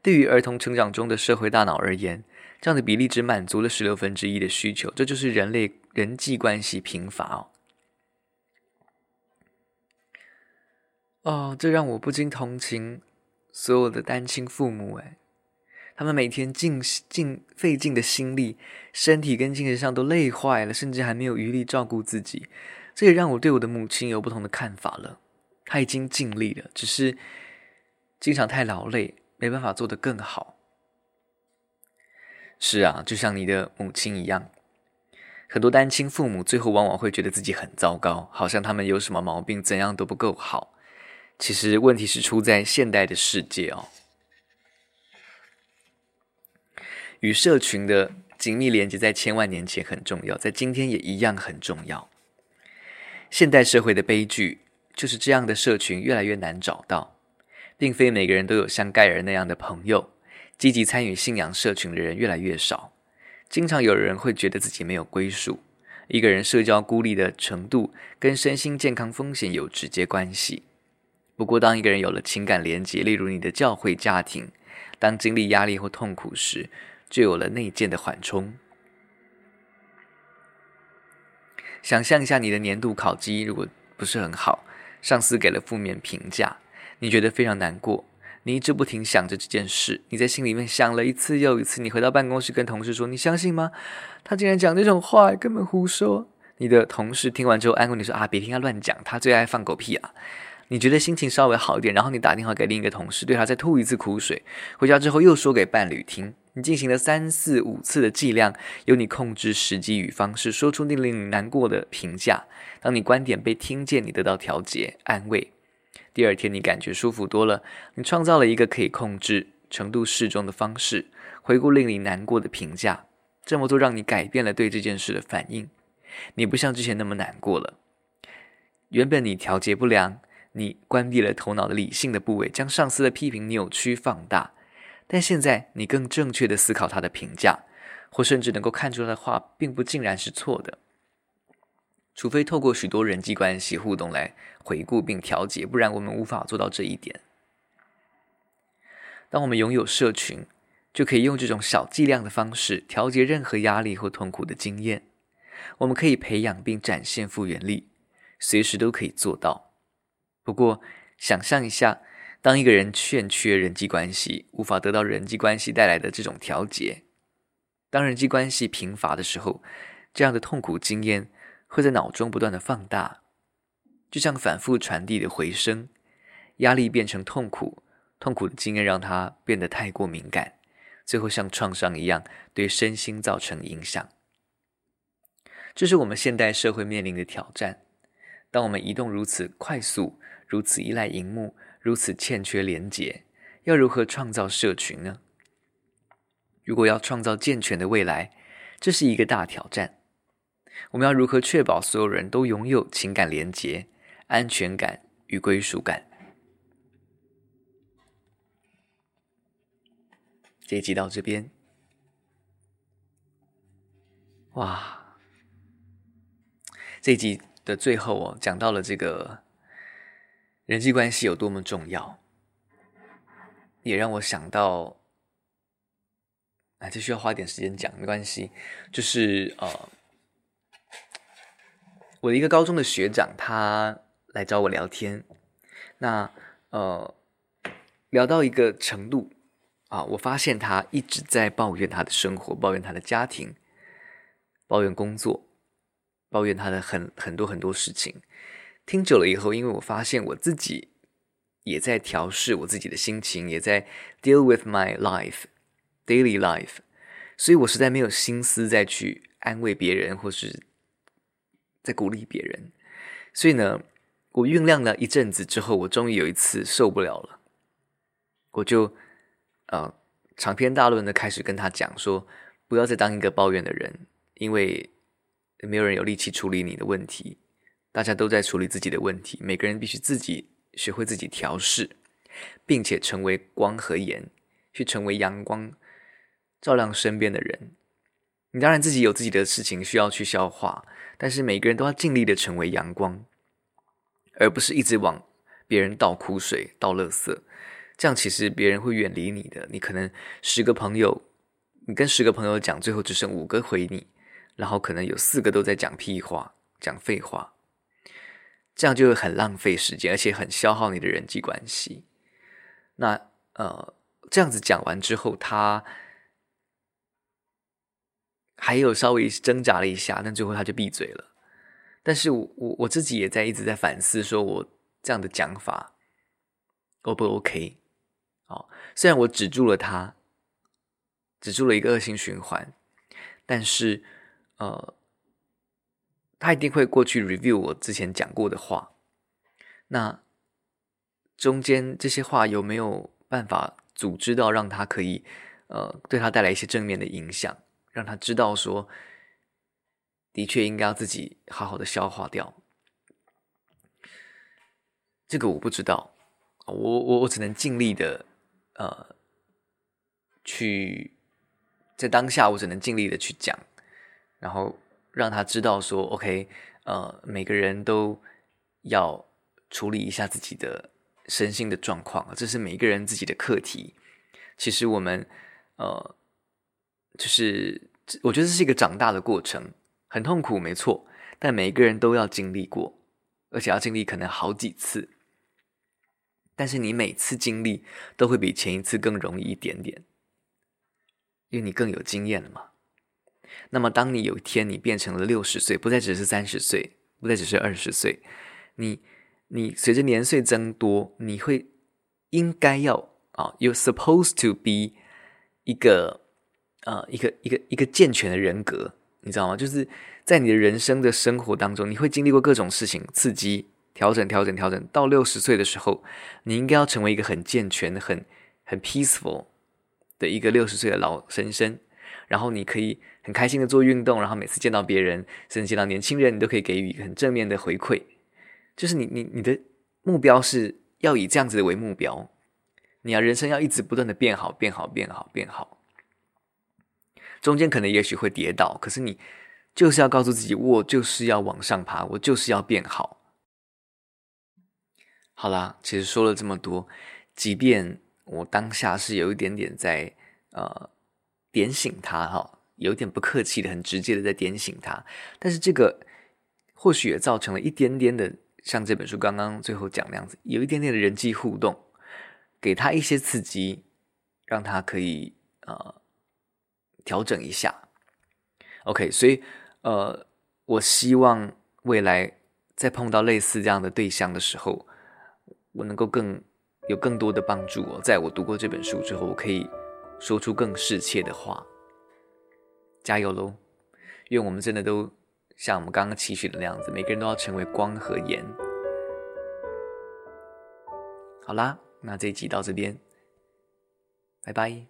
對於兒童成長中的社會大腦而言，這樣的比例只滿足了十六分之一的需求，這就是人類人際關係貧乏哦。哦，這讓我不禁同情所有的單親父母哎，他們每天盡盡費盡的心力，身體跟精神上都累壞了，甚至還沒有餘力照顧自己。這也讓我對我的母親有不同的看法了。她已經盡力了，只是經常太勞累，沒辦法做得更好。是啊，就像你的母親一樣，很多單親父母最後往往會覺得自己很糟糕，好像他們有什麼毛病，怎樣都不夠好。其實問題是出在現代的世界哦，與社群的緊密連接，在千萬年前很重要，在今天也一樣很重要。現代社會的悲劇就是這樣的社群越來越難找到，並非每個人都有像蓋爾那樣的朋友。積極參與信仰社群的人越來越少，經常有人會覺得自己沒有歸屬。一個人社交孤立的程度跟身心健康風險有直接關係。不過，當一個人有了情感連接，例如你的教會家庭，當經歷壓力或痛苦時，就有了內建的緩衝。想象一下，你的年度考績如果不是很好，上司給了負面評價，你覺得非常難過。你一直不停想着這件事，你在心裡面想了一次又一次。你回到辦公室跟同事說：“你相信嗎？他竟然講這種話，根本胡說。”你的同事聽完之後安慰你說：“啊，別聽他亂講，他最愛放狗屁啊。”你覺得心情稍微好一點，然後你打電話給另一個同事，對他再吐一次苦水。回家之後又說給伴侶聽，你進行了三四五次的劑量，由你控制時機與方式，說出令你難過的評價。當你觀點被聽見，你得到調節安慰。第二天，你感覺舒服多了。你創造了一個可以控制程度適中的方式，回顧令你難過的評價。這麼做讓你改變了對這件事的反應，你不像之前那麼難過了。原本你調節不良，你關閉了頭腦的理性的部位，將上司的批評扭曲放大。但現在你更正確的思考他的評價，或甚至能夠看出他的話並不盡然是錯的。除非透過許多人際關係互動來回顧並調節，不然我們無法做到這一點。當我們擁有社群，就可以用這種小劑量的方式調節任何壓力或痛苦的經驗。我們可以培養並展現復原力，隨時都可以做到。不過，想象一下，當一個人欠缺人際關係，無法得到人際關係帶來的這種調節，當人際關係貧乏的時候，這樣的痛苦經驗。會在腦中不斷地放大，就像反覆傳遞的回聲，壓力變成痛苦，痛苦的經驗讓它變得太過敏感，最後像創傷一樣對身心造成影響。這是我們現代社會面臨的挑戰。當我們移動如此快速，如此依賴熒幕，如此欠缺連結，要如何創造社群呢？如果要創造健全的未來，這是一個大挑戰。我們要如何確保所有人都擁有情感連接、安全感與歸屬感？這一集到這邊，哇，這一集的最後哦，講到了這個人際關係有多麼重要，也讓我想到，啊，這需要花點時間講，沒關係，就是，呃我一個高中的學長，他來找我聊天，那呃，聊到一個程度啊，我發現他一直在抱怨他的生活，抱怨他的家庭，抱怨工作，抱怨他的很很多很多事情。聽久了以後，因為我發現我自己也在調適我自己的心情，也在 deal with my life, daily life，所以我實在沒有心思再去安慰別人，或是，在鼓勵別人，所以呢，我醞釀了一陣子之後，我終於有一次受不了了，我就呃長篇大論的開始跟他講說，不要再當一個抱怨的人，因為沒有人有力氣處理你的問題，大家都在處理自己的問題，每個人必須自己學會自己調適，並且成為光和鹽，去成為陽光，照亮身邊的人。你當然自己有自己的事情需要去消化。但是每個人都要盡力的成為陽光，而不是一直往別人倒苦水、倒垃圾。這樣其實別人會遠離你的。你可能十個朋友，你跟十個朋友講，最後只剩五個回你，然後可能有四個都在講屁話、講廢話，這樣就會很浪費時間，而且很消耗你的人際關係。那呃，這樣子講完之後，他。還有稍微掙扎了一下，但最後他就閉嘴了。但是我我我自己也在一直在反思，說我這樣的講法，O 不 OK？好、哦，雖然我止住了他，止住了一個惡性循環，但是呃，他一定會過去 review 我之前講過的話。那中間這些話有沒有辦法組織到讓他可以呃，對他帶來一些正面的影響？讓他知道說，的確應該要自己好好的消化掉。這個我不知道，我我我只能盡力的，呃，去在當下我只能盡力的去講，然後讓他知道說，OK，呃，每個人都要處理一下自己的身心的狀況。這是每個人自己的課題。其實我們，呃。就是，我覺得這是一個長大的過程，很痛苦，沒錯。但每個人都要經歷過，而且要經歷可能好幾次。但是你每次經歷都會比前一次更容易一點點，因為你更有經驗了嘛。那麼，當你有一天你變成了六十歲，不再只是三十歲，不再只是二十歲，你，你隨着年歲增多，你會應該要啊，oh，you're supposed to be 一個。呃，一個一個一個健全的人格，你知道嗎？就是在你的人生的生活當中，你會經歷過各種事情，刺激，調整，調整，調整。到六十歲的時候，你應該要成為一個很健全、很很 peaceful 的一個六十歲的老先生。然後你可以很開心的做運動，然後每次見到別人，甚至見到年輕人，你都可以給予一個很正面的回饋。就是你你你的目標是要以這樣子為目標，你要、啊、人生要一直不斷的變好，變好，變好，變好。中間可能也許會跌倒，可是你就是要告訴自己，我就是要往上爬，我就是要變好。好啦，其實說了這麼多，即便我當下是有一點點在呃點醒他哈、哦，有一點不客氣的、很直接的在點醒他，但是這個或許也造成了一點點的，像這本書剛剛最後講那樣子，有一點點的人際互動，給他一些刺激，讓他可以啊。呃調整一下，OK，所以呃，我希望未來在碰到類似這樣的對象的時候，我能夠更有更多的幫助、哦。在我讀過這本書之後，我可以說出更適切的話。加油嘍！願我們真的都像我們剛剛期許的那樣子，每個人都要成為光和鹽。好啦，那這一集到這邊，拜拜。